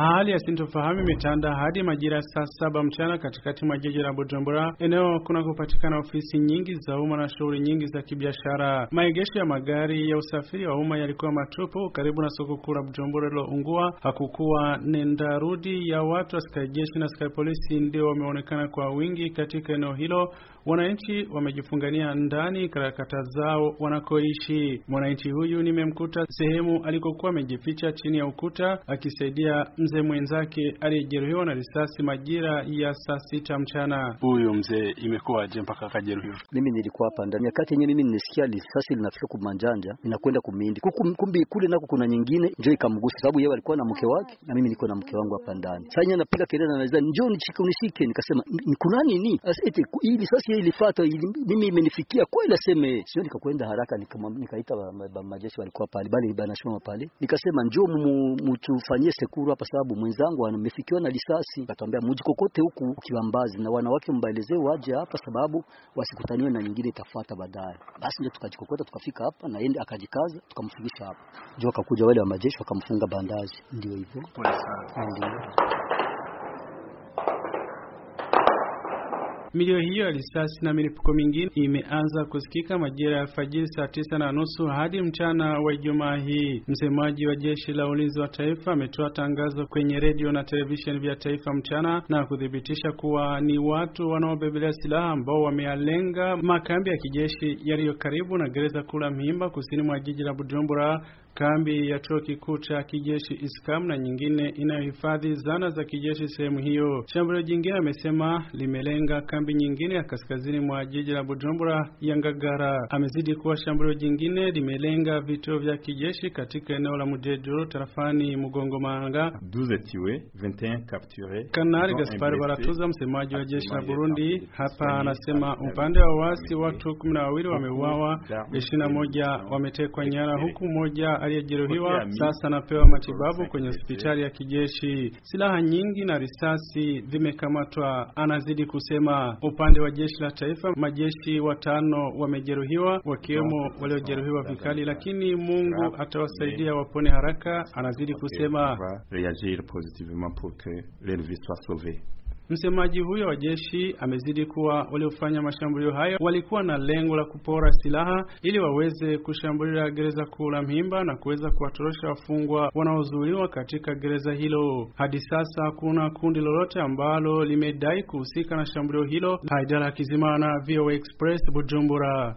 Hali ya sintofahamu imetanda hadi majira saa saba mchana katikati mwa jiji la Bujumbura, eneo kuna kupatikana ofisi nyingi za umma na shughuli nyingi za kibiashara. Maegesho ya magari ya usafiri wa umma yalikuwa matupu karibu na soko kuu la Bujumbura liloungua. Hakukuwa nenda rudi ya watu. Askari jeshi na askari polisi ndio wameonekana kwa wingi katika eneo hilo. Wananchi wamejifungania ndani karakata zao wanakoishi. Mwananchi huyu nimemkuta sehemu alikokuwa amejificha chini ya ukuta akisaidia mzee mwenzake aliyejeruhiwa na risasi majira ya saa sita mchana. Huyu mzee imekuwaje mpaka akajeruhiwa? Mimi nilikuwa hapa ndani nyakati yenyewe, mimi nilisikia risasi linafika kumanjanja inakwenda kumindi, kumbi kule nako kuna nyingine, njo ikamgusa, sababu yeye alikuwa na mke wake na mimi niko na mke wangu hapa ndani. Sasa yeye anapiga kelele, anaweza njoo nishike, unishike. Nikasema kuna nini? Asiti hii risasi ilifuata mimi, imenifikia kweli, aseme sio. Nikakwenda haraka, nikaita majeshi walikuwa pale, bali bana shoma pale, nikasema njoo mtufanyie sekuru hapa sababu mwenzangu amefikiwa na risasi. Katwambia mujikokote kokote huku mbazi na wanawake mbaelezee waje hapa, sababu wasikutaniwe na nyingine itafuata baadaye. Basi ndio tukajikokota tukafika hapa, na yeye akajikaza, tukamfikisha hapa juu. Akakuja wale wa majeshi wakamfunga bandazi ndio hivyo ndio Milio hiyo ya risasi na milipuko mingine imeanza kusikika majira ya fajiri saa tisa na nusu hadi mchana wa Ijumaa hii. Msemaji wa jeshi la ulinzi wa taifa ametoa tangazo kwenye redio na televisheni vya taifa mchana na kuthibitisha kuwa ni watu wanaobebelea silaha ambao wamealenga makambi ya kijeshi yaliyo karibu na gereza kuu la kusini mwa jiji la Bujumbura kambi ya chuo kikuu cha kijeshi Iskam na nyingine inayohifadhi zana za kijeshi sehemu hiyo. Shambulio jingine amesema limelenga kambi nyingine ya kaskazini mwa jiji la Bujumbura ya Ngagara. Amezidi kuwa shambulio jingine limelenga vituo vya kijeshi katika eneo la Mujejo tarafani Mugongomanga. 12 21 Kanali Gaspar Baratuza, msemaji wa jeshi la Burundi, hapa anasema upande wa wasi watu 12 wameuawa, 21 wametekwa nyara, huku moja aliyejeruhiwa sasa anapewa matibabu kwenye hospitali ya kijeshi. Silaha nyingi na risasi zimekamatwa, anazidi kusema. Upande wa jeshi la taifa, majeshi watano wamejeruhiwa, wakiwemo waliojeruhiwa vikali, lakini Mungu atawasaidia wapone haraka, anazidi kusema. Msemaji huyo wa jeshi amezidi kuwa waliofanya mashambulio hayo walikuwa na lengo la kupora silaha ili waweze kushambulia gereza kuu la Mhimba na kuweza kuwatorosha wafungwa wanaozuiliwa katika gereza hilo. Hadi sasa hakuna kundi lolote ambalo limedai kuhusika na shambulio hilo. Haidara Kizimana, VOA Express, Bujumbura.